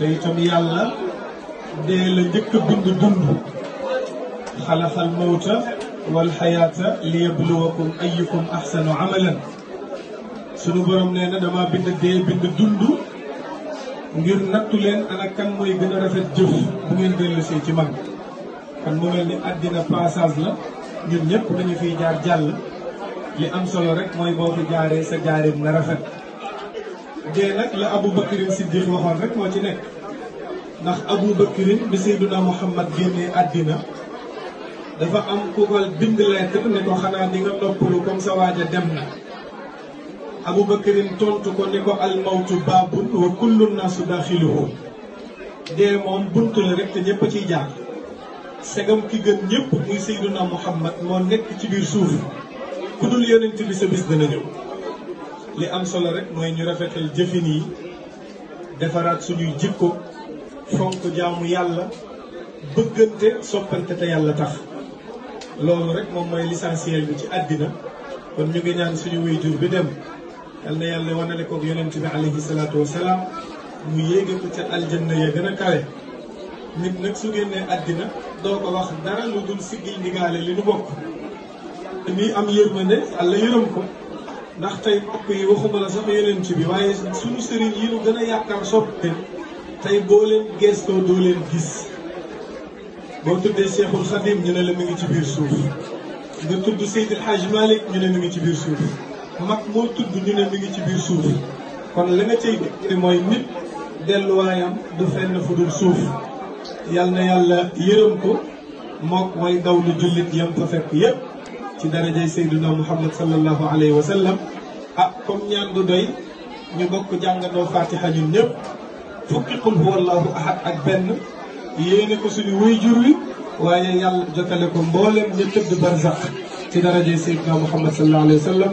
te itam yàlla dee la njëkk a bind dund xalaxal mawta wal xayaata liyabluwakum ayyukum axsanu amalan sunu borom nee na dama bind dee bind dund ngir nattu leen ana kan mooy gën a rafet jëf bu ngeen dellusee ci man kan mu ni àddina passage la ñun ñëpp dañu fiy jaar jàll li am solo rek mooy boo fi jaaree sa jaareem na rafet dee nag la Abu Bakrin Siddiq waxoon rek moo ci nekk ndax Abu Bakrin bi Seydina Muhammad génnee àddina dafa am ku ko bind lettre ne ko xanaa di nga noppalu comme sa waaja dem na Abu Bakrin tontu ko ni ko al mawtu baabun wa kullu naasu daaxiluhu dee moom bunt la rek te ñëpp ciy jaar segam ki gën ñëpp muy Seydina Muhammad moo nekk ci biir suuf ku dul yonent bi sa bis dana ñëw li am solo rek mooy ñu rafetal jëfin yi defaraat suñuy jikko fonk jaamu yàlla bëggante soppante te yàlla tax loolu rek moom mooy l'essentiel bi ci àddina kon ñu ngi ñaan suñu wayjur bi dem yal na yàlla wanale koog yonent bi alayhi salaatu wasalaam mu yéege ko ca su génnee àddina doo ko wax am yërmande yàlla yërëm ko ndax tey mbokk yi waxuma la sama yonent bi waaye suñu sëriñ yi nu gën a yaakaar sopp leen tey boo leen gestoo doo leen gis boo tuddee Cheikhul Khadim ñu ne la mi ngi ci biir suuf nga tudd Seydil Hadj Malick mi ngi ci biir suuf mag moo tudd ñu ne mi ngi ci biir suuf kon la nga cay dégg mooy nit delluwaayam du fenn fu dul suuf yal na yàlla yërëm ko mook way daw lu jullit yam fa fekk yépp ci darajay Seydina Muhammad sallallahu alayhi wa sallam a ah, comme ñaan du doy ñu bokk jàngandoo fatiha ñun ñëpp fukki qul huwallahu ahad ak benn yéene ko suñu waajur wi waaye yàlla jotale ko mboolem ñu tëdd barzaq ci daraje Seydina Muhammad sallallahu alayhi wa sallam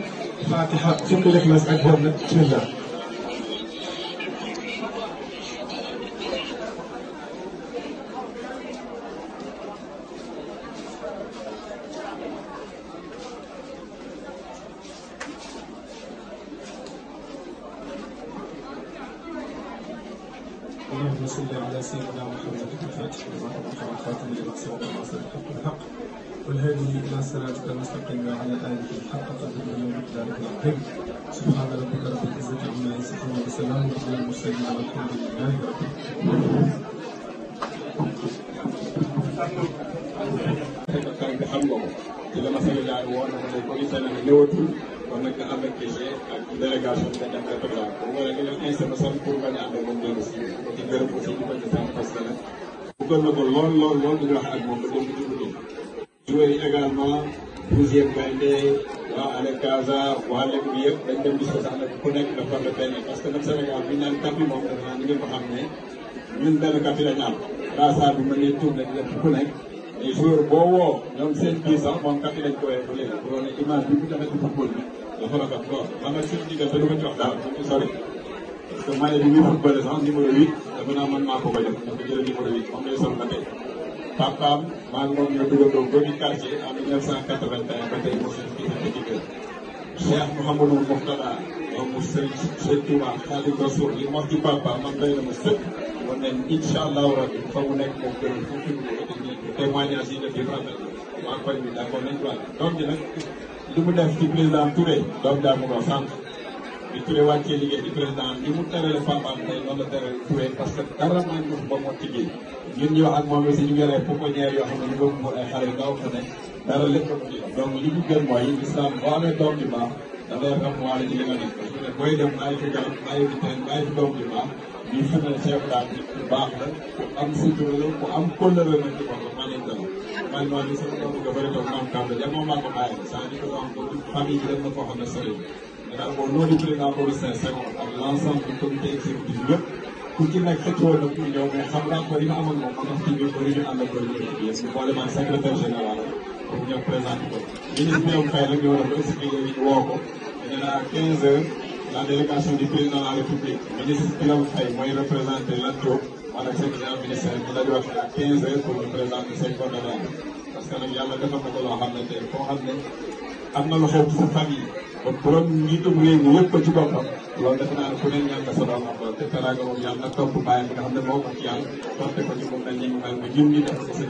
fatiha fukki lixlaas ak benn bismillah اللهم صل على سيدنا محمد الفاتح لما أغلق والخاتم لما سبق ناصر الحق بالحق والهادي إلى صراطك المستقيم وعلى آله حق قدره ومقداره العظيم سبحان ربك رب العزة عما يصفون وسلام على المرسلين والحمد لله رب العالمين kan bi xam nga ko te dama sëñ Diagne woon na ko ne ko isale ne néewatul kon nag am ak délégation bi dañ koy programme bu ko a ànd moom que nag bëggoon na ko lool lool lool di wax ak moom ba dem yi également douzième gaynde waa ale sax nag ku nekk dafa am parce que nag Sénégal bi ñu naan tapis moom dafa naan ngeen ko xam ne ñun benn kàpp lañ am bi mën ngeen tourné nekk. les joueurs boo woo ñoom biir sax moom kàpp lañ koy waxee ba léegi loolu image bi mu joxe ci football dafa rafet lool man nag suñu diggante daal du sori parce que maillot bi muy footballé sax numéro 8 dafa naa man maa ko ko def dafa jël numéro 8 moom lay sol ba tey papaam maa ngi moom ñoo dugandoo premier quartier en 1981 ba tey mu seen kii ci diggante Cheikh Mouhamadou Mourtada doomu Serigne Cheikh Touba Khadim Rassoul li mu wax ci papa man doy na ma sëkk wan nañ incha allahu rabi fa mu nekk moom gën a fukki témoignage yi def yi rafet waa koñ li mu def ci président Touré doom daa mu ko sant di Touré wàccee liggéey di président li mu terale Fapal tey noonu la terale Touré parce que dara may ñu ba mu tijji ñun ñu wax ak moom aussi ñu ngi lay pouponnière yoo xam ne ñu bëgg mu ay xale ndaw fa ne dara lépp donc li ñu gën mooy islam boo amee doom bi baax dafay ram waale ci li nga def parce booy dem bàyyi fi garab bàyyi fi teen doom bi baax li firnde Cheikh daal baax la ku am sutura la ku am kóllëre la ci boppam maa leen dalal man maa ngi sama famille bi na foo xam na daal bon loolu président Boris Senghor ak l' ensemble du comité exécutif yëpp ku ci nekk xëccoo na ku ñëw mais xam naa ko li moom moo tax ci biir bëri ñu ànd ak bëri ñu yëpp boole général pour ñëw présenté ko ministre Diop Faye la ñu war a ba expliqué woo ko heures la délégation du président de la République ministre Birame Faye mooy représenté Lat Diop ànd ak secrétaire ministère bi dañu wax à 15 heures pour ñu parce que nag yàlla defal na ko loo xam ne tey koo na lu xew ci famille kon borom njiitum réew mi yëpp ko ci boppam loolu defe naa ne ku ne ñaan nga sa doom am te teraanga moom yàlla topp bàyyi bi nga xam ne moo ko ci yàlla toppee ko ci moom na ñi mel ba ñun ñi def ko seen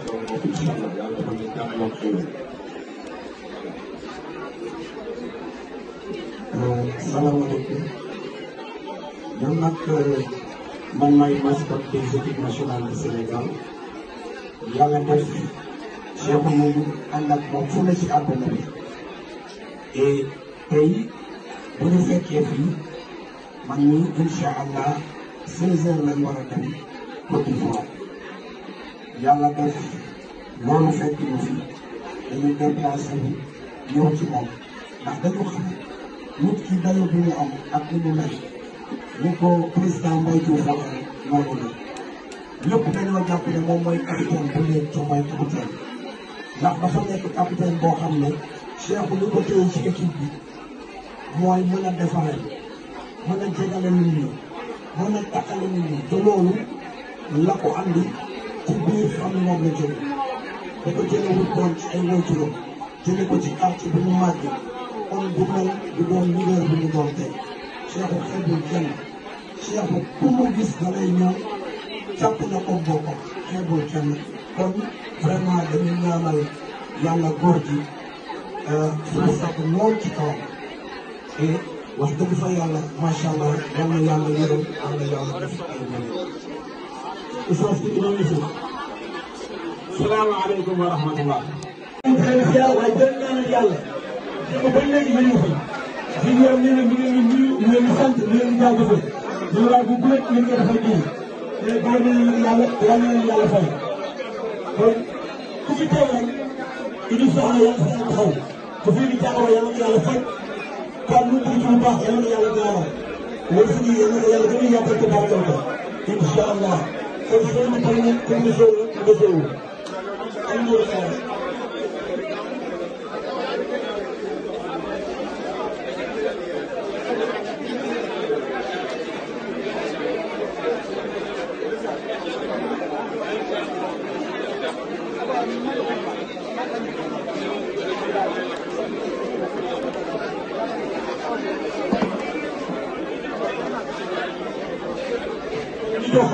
salaamaaleykum man nag man maay mascotte des équipes nationales Sénégal yàlla def Cheikhou moom ànd ak moom fu ne ci àdduna bi tey bu ñu fekkee fii man ñi incha allah 16 heures lañ war d'Ivoire yàlla def loolu fekk ñu fi dañu déplacé ñëw ci moom ndax dañu xam nit ci dayo bi mu am ak li ñu mel ni ko président mooy Diouf waxee rek moo ko ne moom mooy capitaine bu leen Diomaye capitaine ndax dafa nekk capitaine boo xam ne Cheikh li ko téye ci équipe bi mooy mën a defaree mën a jegale nit ñi mën a takkale nit ñi te loolu la ko andi ci biir xam ne moom la ko jëlee wut ci ay wóor juróom jëlee ko ci quartier bi mu màggee kon du doon du doon leader bu mu doon tey Cheikhou xeebul kenn Cheikhou ku mu gis da lay ñëw jàpp na ko boppam xeebul kenn kon vraiment dañu ñaanal yàlla góor gi euh, suñu sakk lool ci kawam te wax dëgg fa yàlla macha allah yal na yàlla yërëm am na yàlla def ay mëne oustaz ki imam Yusuf salaamaaleykum wa rahmatullah. jërëjëf yàlla jërëjëf yàlla. te ba léegi ñu ngi fi di ñoom ñu ne ñu leen di nuyu ñu leen di sant ñu leen di jaajëfal ñu laal bu bu nekk ñu ngi te bàyyi nañu leen yàlla yàlla na leen yàlla fay kon ku fi teew rek indi soxla yàlla ku fi indi jàngoro yàlla na yàlla faj kon lu bëgg ci a yàppal jox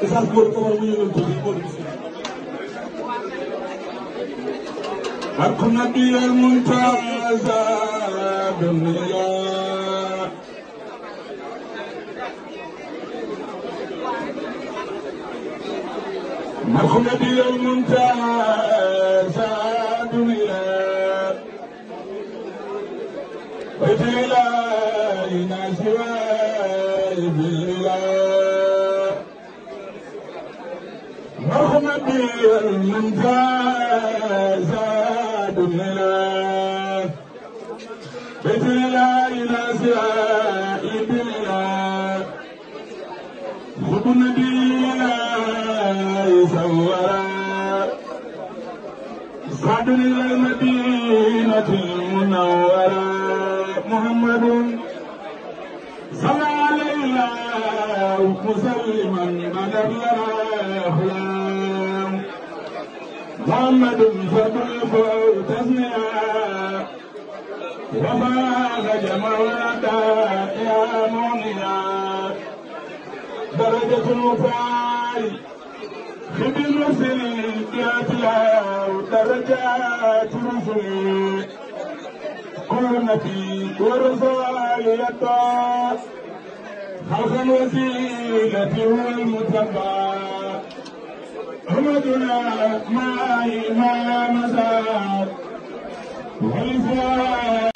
message bu ko war a mën a yëngal النبي المنتزى بالنيا مرخ النبي المنتزى بالنيا بيت الله من فاز بالله بسم الله نسائب الله خب نبينا يسورا صدر المدينة المنورة محمد صلى عليه وسلم من لنا محمد فكل فوق تسميا وفاق جمعنا يا مؤمنا درجة الوفاء خب المرسلين يا تلاو درجات رسلي كل نبي ورسال يطاف حسن وسيلة هو المتبع حمدنا ما ما مسار والفؤاد